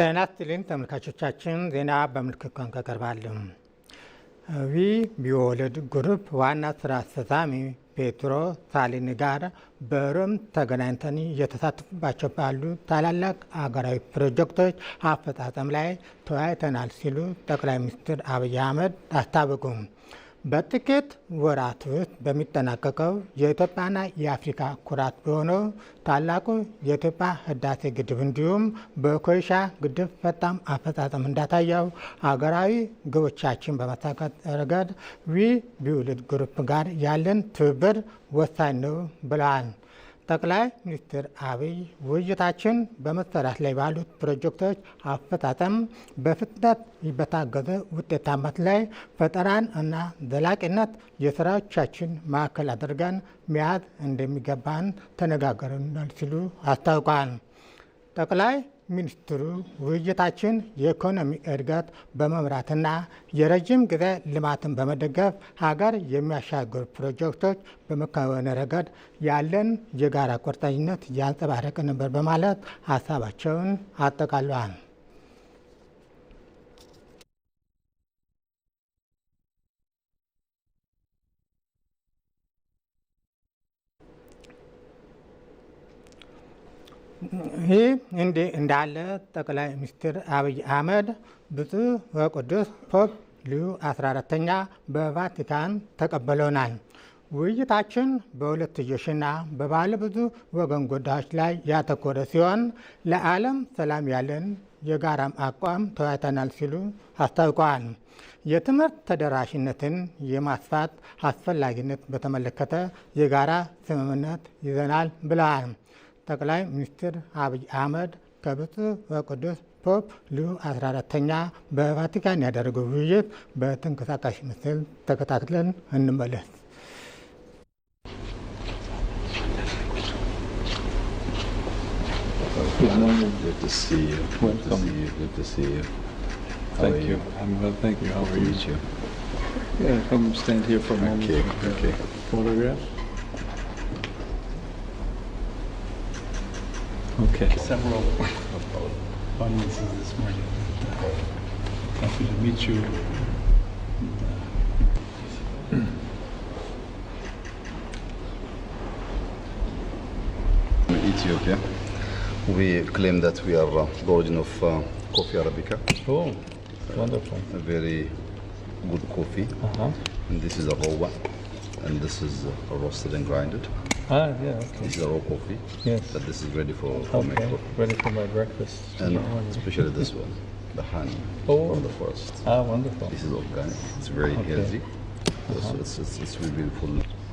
ጤና ይስጥልኝ ተመልካቾቻችን፣ ዜና በምልክት ቋንቋ ይቀርባል። ዊ ቢወለድ ግሩፕ ዋና ስራ አስፈጻሚ ፔትሮ ሳሊኒ ጋር በሮም ተገናኝተን እየተሳተፉባቸው ባሉ ታላላቅ አገራዊ ፕሮጀክቶች አፈጻጸም ላይ ተወያይተናል ሲሉ ጠቅላይ ሚኒስትር አብይ አህመድ አስታወቁ። በጥቂት ወራት ውስጥ በሚጠናቀቀው የኢትዮጵያና የአፍሪካ ኩራት በሆነው ታላቁ የኢትዮጵያ ህዳሴ ግድብ እንዲሁም በኮይሻ ግድብ ፈጣም አፈጻጸም እንዳታየው አገራዊ ግቦቻችን በማሳካት ረገድ ዊ ቢውልድ ግሩፕ ጋር ያለን ትብብር ወሳኝ ነው ብለዋል። ጠቅላይ ሚኒስትር አብይ ውይይታችን በመሰራት ላይ ባሉት ፕሮጀክቶች አፈጻጸም በፍጥነት በታገዘ ውጤታማነት ላይ ፈጠራን እና ዘላቂነት የስራዎቻችን ማዕከል አድርገን መያዝ እንደሚገባን ተነጋገርናል ሲሉ አስታውቋል። ጠቅላይ ሚኒስትሩ ውይይታችን የኢኮኖሚ እድገት በመምራትና የረጅም ጊዜ ልማትን በመደገፍ ሀገር የሚያሻገሩ ፕሮጀክቶች በመከናወን ረገድ ያለን የጋራ ቁርጠኝነት ያንጸባረቀ ነበር በማለት ሀሳባቸውን አጠቃለዋል። ይህ እንዲህ እንዳለ ጠቅላይ ሚኒስትር አብይ አህመድ ብፁዕ ወቅዱስ ፖፕ ልዩ 14ተኛ በቫቲካን ተቀበለውናል። ውይይታችን በሁለትዮሽና በባለ ብዙ ወገን ጉዳዮች ላይ ያተኮረ ሲሆን ለዓለም ሰላም ያለን የጋራም አቋም ተወያይተናል ሲሉ አስታውቀዋል። የትምህርት ተደራሽነትን የማስፋት አስፈላጊነት በተመለከተ የጋራ ስምምነት ይዘናል ብለዋል። ጠቅላይ ሚኒስትር አብይ አህመድ ከብፁዕ ወቅዱስ ፖፕ ሊዮ 14ተኛ በቫቲካን ያደረገው ውይይት በተንቀሳቃሽ ምስል ተከታትለን እንመለስ። Thank you. How are you? come stand here for a moment. Okay, okay. Okay. several audiences this morning. Happy to meet you. Ethiopia. We claim that we are uh, the origin of uh, coffee arabica, Oh, wonderful. a very good coffee. Uh-huh. And this is a raw one and this is uh, roasted and grinded. Ah, yeah, okay. These are raw coffee, Yes. but this is ready for Okay, coffee. ready for my breakfast. And especially this one, the honey Oh. from the forest. Ah, wonderful. This is organic. It's very healthy. So uh-huh. it's, it's, it's really beautiful.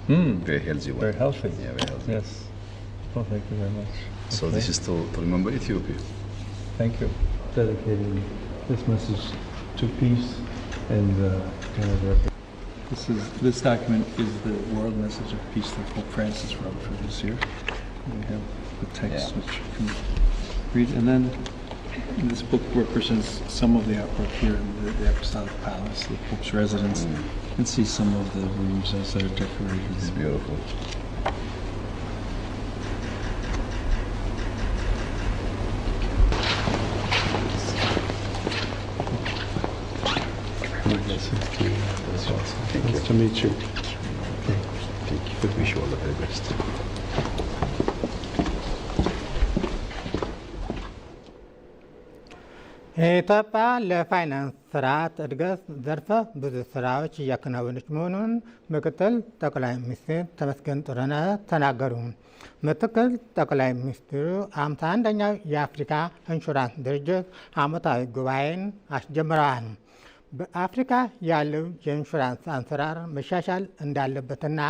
Mm, Very healthy one. very healthy. Yeah, very healthy. Yes. Oh, thank you very much. So this is to, to remember Ethiopia. Thank you. Dedicating this message to peace and uh, kind of uh, this is, this document is the world message of peace that Pope Francis wrote for this year. We have the text Yeah. which you can read, and then this book represents some of the artwork here in the- the Apostolic Palace, the Pope's residence, mm. and see some of the rooms as they're decorated. It's beautiful. to meet you. Thank you. Thank you. But wish you all the very best. ኢትዮጵያ ለፋይናንስ ስርዓት እድገት ዘርፈ ብዙ ስራዎች እያከናወነች መሆኑን ምክትል ጠቅላይ ሚኒስትር ተመስገን ጥሩነህ ተናገሩ። ምክትል ጠቅላይ ሚኒስትሩ ሃምሳ አንደኛው የአፍሪካ ኢንሹራንስ ድርጅት አመታዊ ጉባኤን አስጀምረዋል። በአፍሪካ ያለው የኢንሹራንስ አሰራር መሻሻል እንዳለበትና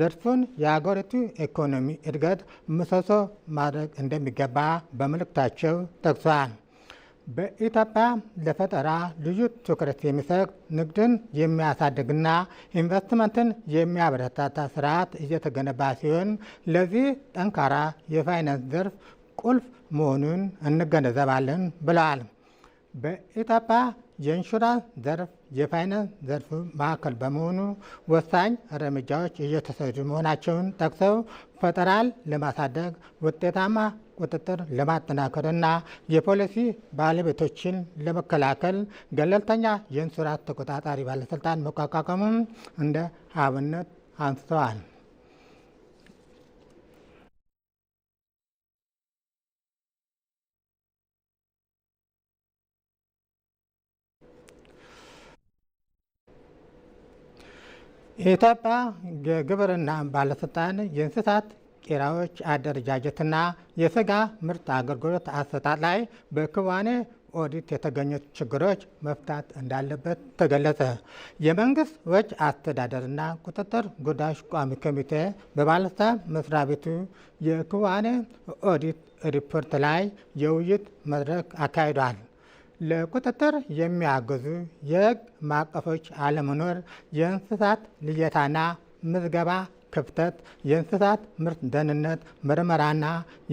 ዘርፉን የአገሪቱ ኢኮኖሚ እድገት ምሰሶ ማድረግ እንደሚገባ በመልእክታቸው ጠቅሷል። በኢትዮጵያ ለፈጠራ ልዩ ትኩረት የሚሰጥ ንግድን የሚያሳድግና ኢንቨስትመንትን የሚያበረታታ ስርዓት እየተገነባ ሲሆን ለዚህ ጠንካራ የፋይናንስ ዘርፍ ቁልፍ መሆኑን እንገነዘባለን ብለዋል። በኢትዮጵያ የኢንሹራንስ ዘርፍ የፋይናንስ ዘርፍ ማዕከል በመሆኑ ወሳኝ እርምጃዎች እየተሰዱ መሆናቸውን ጠቅሰው ፈጠራን ለማሳደግ ውጤታማ ቁጥጥር ለማጠናከርና የፖሊሲ ባለቤቶችን ለመከላከል ገለልተኛ የኢንሹራንስ ተቆጣጣሪ ባለስልጣን መቋቋሙን እንደ አብነት አንስተዋል። የኢትዮጵያ የግብርና ባለስልጣን የእንስሳት ቄራዎች አደረጃጀትና የስጋ ምርት አገልግሎት አሰጣጥ ላይ በክዋኔ ኦዲት የተገኙት ችግሮች መፍታት እንዳለበት ተገለጸ። የመንግስት ወጪ አስተዳደርና ቁጥጥር ጉዳዮች ቋሚ ኮሚቴ በባለስልጣን መስሪያ ቤቱ የክዋኔ ኦዲት ሪፖርት ላይ የውይይት መድረክ አካሂዷል። ለቁጥጥር የሚያግዙ የሕግ ማዕቀፎች አለመኖር፣ የእንስሳት ልየታና ምዝገባ ክፍተት፣ የእንስሳት ምርት ደህንነት ምርመራና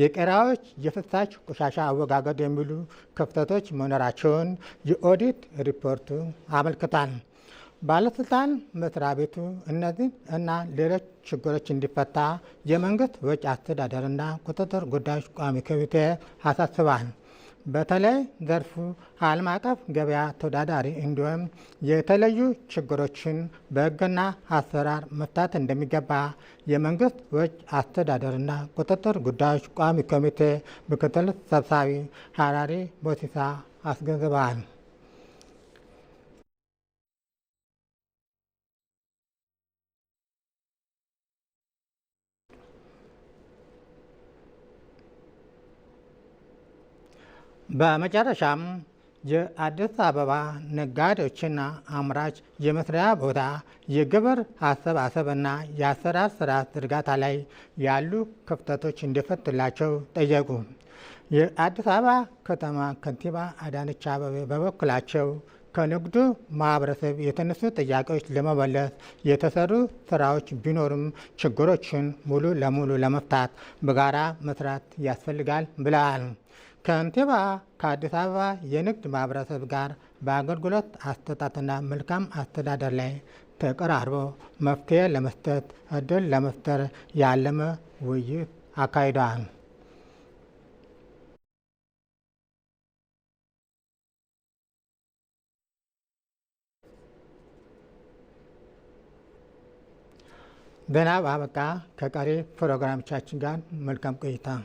የቄራዎች የፍሳሽ ቆሻሻ አወጋገድ የሚሉ ክፍተቶች መኖራቸውን የኦዲት ሪፖርቱ አመልክቷል። ባለስልጣን መስሪያ ቤቱ እነዚህ እና ሌሎች ችግሮች እንዲፈታ የመንግስት ወጪ አስተዳደርና ቁጥጥር ጉዳዮች ቋሚ ኮሚቴ አሳስቧል። በተለይ ዘርፉ ዓለም አቀፍ ገበያ ተወዳዳሪ እንዲሁም የተለዩ ችግሮችን በሕግና አሰራር መፍታት እንደሚገባ የመንግስት ወጪ አስተዳደርና ቁጥጥር ጉዳዮች ቋሚ ኮሚቴ ምክትል ሰብሳቢ ሀራሪ ቦሲሳ አስገንዝበዋል። በመጨረሻም የአዲስ አበባ ነጋዴዎችና አምራች የመስሪያ ቦታ የግብር አሰባሰብና የአሰራር ስርዓት ዝርጋታ ላይ ያሉ ክፍተቶች እንዲፈቱላቸው ጠየቁ። የአዲስ አበባ ከተማ ከንቲባ አዳነች አበቤ በበኩላቸው ከንግዱ ማህበረሰብ የተነሱ ጥያቄዎች ለመመለስ የተሰሩ ስራዎች ቢኖርም ችግሮችን ሙሉ ለሙሉ ለመፍታት በጋራ መስራት ያስፈልጋል ብለዋል። ከንቲባ ከአዲስ አበባ የንግድ ማህበረሰብ ጋር በአገልግሎት አሰጣጥና መልካም አስተዳደር ላይ ተቀራርቦ መፍትሄ ለመስጠት እድል ለመፍጠር ያለመ ውይይት አካሂደዋል። ዜና አበቃ። ከቀሪ ፕሮግራሞቻችን ጋር መልካም ቆይታ